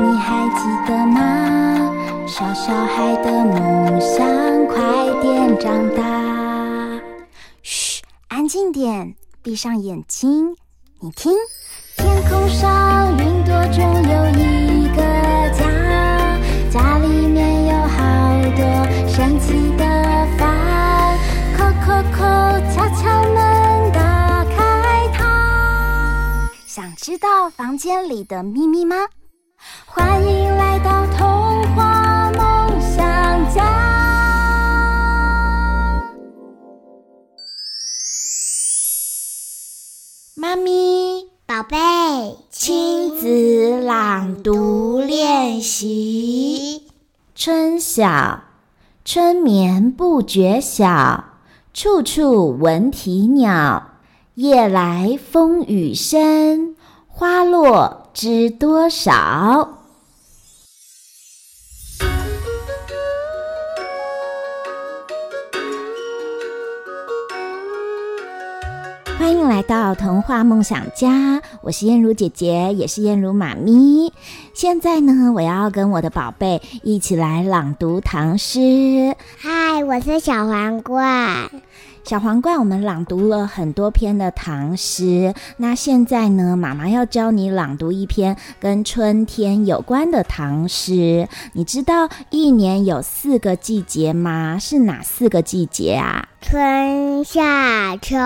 你還記得嗎？小小孩的夢想，快點長大。噓，安靜點，閉上眼睛，你聽。天空上，雲朵中有一個家，家裡面有好多神奇的房。叩叩叩，敲敲門，打開它。想知道房間裡的祕密嗎？歡迎來到童話夢想家。媽咪，寶貝，親子朗讀練習。春曉，春眠不覺曉，處處聞啼鳥。夜來風雨聲，花落知多少。歡迎來到童話夢想家，我是彥如姐姐，也是彥如媽咪。現在呢，我要跟我的寶貝一起來朗讀唐詩。嗨，我是小皇冠。小皇冠，我們朗讀了很多篇的唐詩，那現在呢，媽媽要教你朗讀一篇跟春天有關的唐詩。你知道一年有四個季節嗎？是哪四個季節啊？春夏秋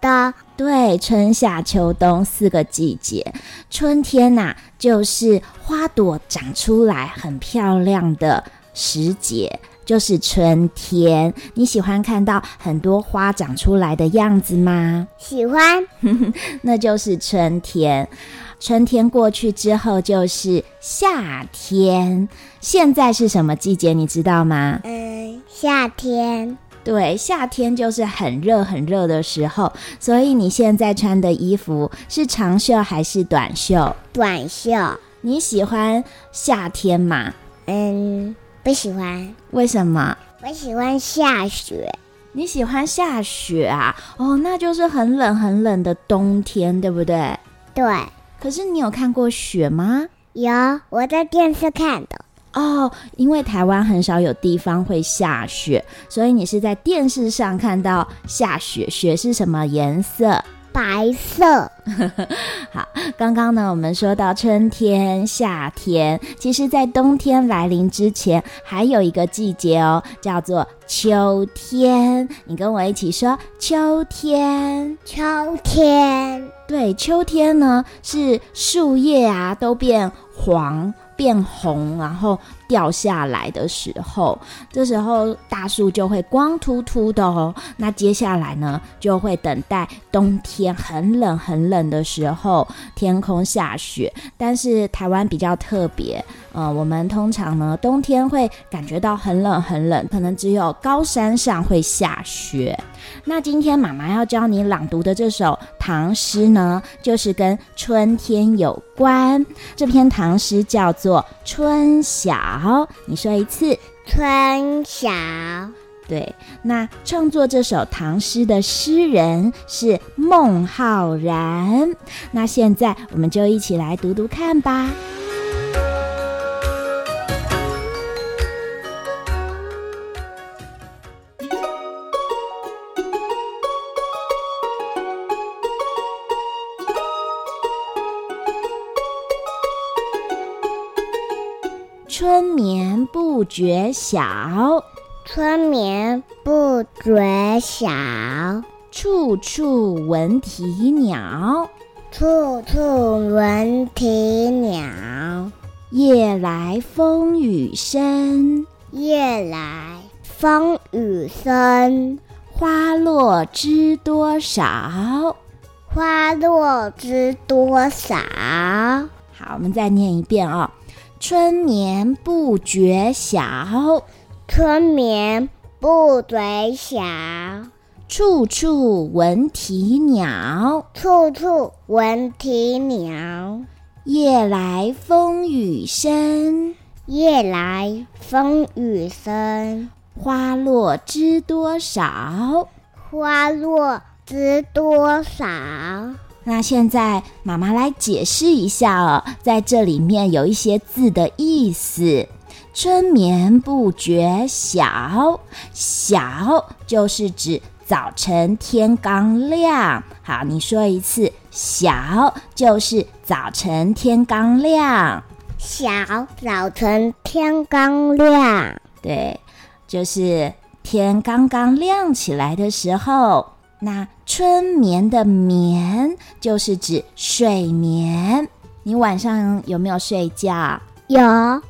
冬。對，春夏秋冬四個季節，春天吶、啊，就是花朵長出來很漂亮的時節。就是春天，你喜歡看到很多花長出來的樣子嗎？喜歡， 那就是春天。春天過去之後就是夏天。現在是什麼季節？你知道嗎？嗯，夏天。對，夏天就是很熱很熱的時候。所以你現在穿的衣服是長袖還是短袖？短袖。你喜歡夏天嗎？嗯。不喜歡。為什麼？我喜歡下雪。你喜歡下雪啊？哦、oh，那就是很冷很冷的冬天，對不對？對。可是你有看過雪嗎？有，我在電視看的。哦，oh, 因為台灣很少有地方會下雪，所以你是在電視上看到下雪。雪是什麼顏色？白色， 好。剛剛呢，我們說到春天、夏天，其實，在冬天來臨之前，還有一個季節哦，叫做秋天。你跟我一起說，秋天，秋天。對，秋天呢，是樹葉啊，都變黃、變紅，然後掉下來的時候，這時候大樹就會光禿禿的哦。那接下來呢，就會等待冬天很冷很冷的時候，天空下雪。但是台灣比較特別，呃，我們通常呢，冬天會感覺到很冷很冷，可能只有高山上會下雪。那今天媽媽要教你朗讀的這首唐詩呢，就是跟春天有關。這篇唐詩叫做《春曉》，你說一次，春曉《春曉》。對，那創作這首唐詩的詩人是孟浩然。那現在我們就一起來讀讀看吧。春眠不覺曉，春眠不覺曉，處處聞啼鳥，處處聞啼鳥。處處聞啼鳥，夜來風雨聲，夜來風雨聲，花落知多少，花落知多少。好，我們再念一遍哦。春，年春眠不覺曉，春眠不覺曉，處處聞啼鳥，處處聞啼鳥。處處鳥，夜來風雨聲，夜來風雨聲，花落知多少，花落知多少。那現在媽媽來解釋一下哦，在這裡面有一些字的意思，“春眠不覺曉”，“曉”曉就是指早晨天剛亮。好，你說一次，“曉”就是早晨天剛亮，“曉”早晨天剛亮，對，就是天剛剛亮起來的時候。那春眠的眠就是指睡眠。你晚上有沒有睡覺？有。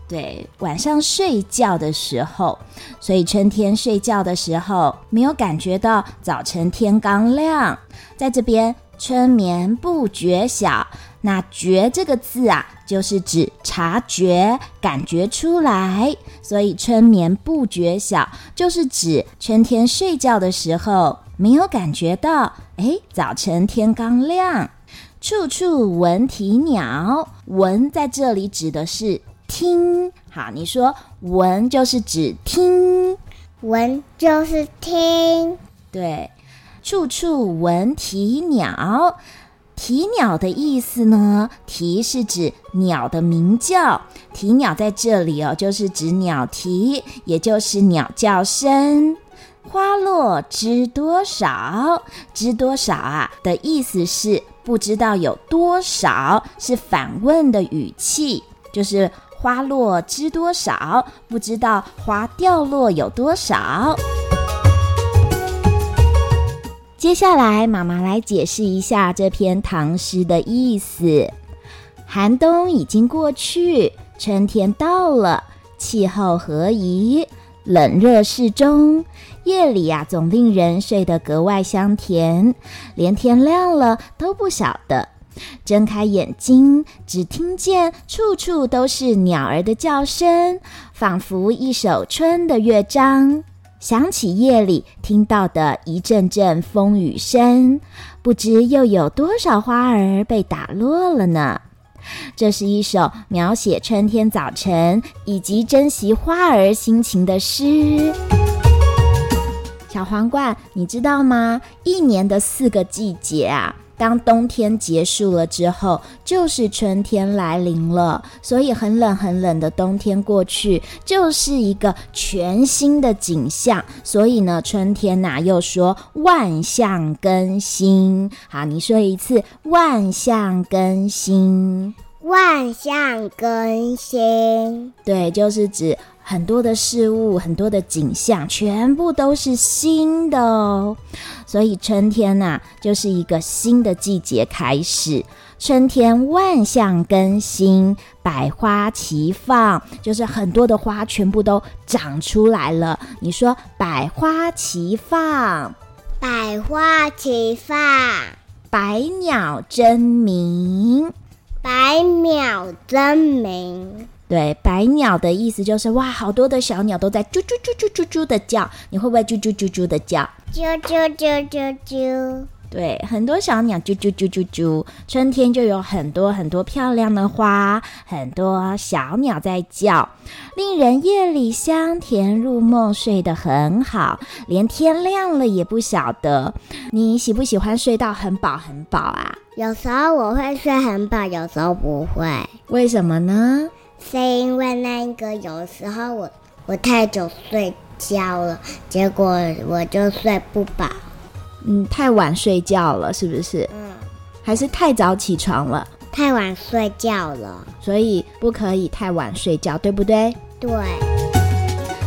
對，晚上睡覺的時候，所以春天睡覺的時候沒有感覺到早晨天剛亮。在這邊，春眠不覺曉。那覺這個字啊，就是指察覺、感覺出來。所以春眠不覺曉，就是指春天睡覺的時候。沒有感覺到，誒，早晨天剛亮，處處聞啼鳥。聞在這裡指的是聽，好，你說聞就是指聽，聞就是聽，對。處處聞啼鳥，啼鳥的意思呢？啼是指鳥的鳴叫，啼鳥在這裡哦，就是指鳥啼，也就是鳥叫聲。花落知多少？知多少啊的意思是不知道有多少，是反問的語氣，就是花落知多少，不知道花掉落有多少。接下來，媽媽來解釋一下這篇唐詩的意思：寒冬已經過去，春天到了，氣候合宜。冷熱適中，夜裡呀，總令人睡得格外香甜，連天亮了都不曉得。睜開眼睛，只聽見處處都是鳥兒的叫聲，仿佛一首春的樂章。想起夜裡聽到的一陣陣風雨聲，不知又有多少花兒被打落了呢？這是一首描寫春天早晨以及珍惜花兒心情的詩。小皇冠，你知道嗎？一年的四個季節啊。當冬天結束了之後，就是春天來臨了。所以很冷很冷的冬天過去，就是一個全新的景象。所以呢，春天吶、啊，又說萬象更新。好，你說一次，萬象更新。萬象更新，對，就是指很多的事物，很多的景象，全部都是新的哦。所以春天吶、啊，就是一個新的季節開始。春天萬象更新，百花齊放，就是很多的花全部都長出來了。你說百花齊放，百花齊放，百花齊放，百鳥爭鳴。百鳥爭鳴，對，百鳥的意思就是哇，好多的小鳥都在啾啾啾啾啾啾的叫，你會不會啾啾啾啾的叫？啾啾啾啾啾。對，很多小鳥啾啾啾啾啾，春天就有很多很多漂亮的花，很多小鳥在叫，令人夜裡香甜入夢，睡得很好，連天亮了也不曉得。你喜不喜歡睡到很飽很飽啊？有時候我會睡很飽，有時候不會。為什麼呢？是因為那個有時候我我太久睡覺了，結果我就睡不飽。嗯，太晚睡覺了，是不是？嗯，還是太早起床了。太晚睡覺了，所以不可以太晚睡覺，對不對？對。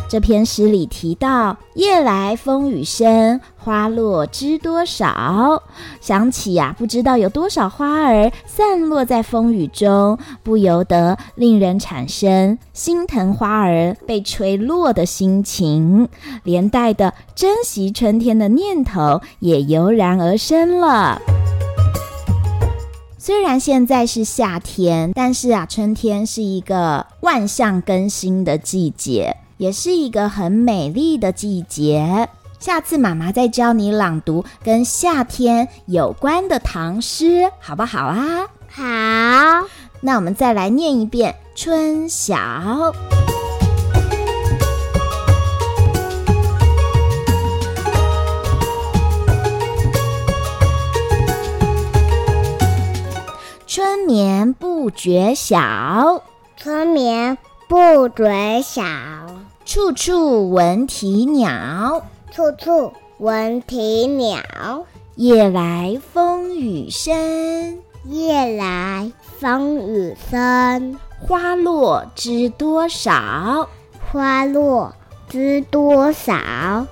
這篇詩裡提到“夜來風雨聲，花落知多少”，想起呀、啊，不知道有多少花兒散落在風雨中，不由得令人產生心疼花兒被吹落的心情，連帶的珍惜春天的念頭也油然而生了。雖然現在是夏天，但是啊，春天是一個萬象更新的季節。也是一個很美麗的季節。下次媽媽再教你朗讀跟夏天有關的唐詩，好不好啊？好，那我們再來念一遍《春曉》。春眠不覺曉，春眠不覺曉。處處聞啼鳥，處處聞啼鳥。處處聞啼鳥。夜來風雨聲，夜來風雨聲。花落知多少，花落知多少。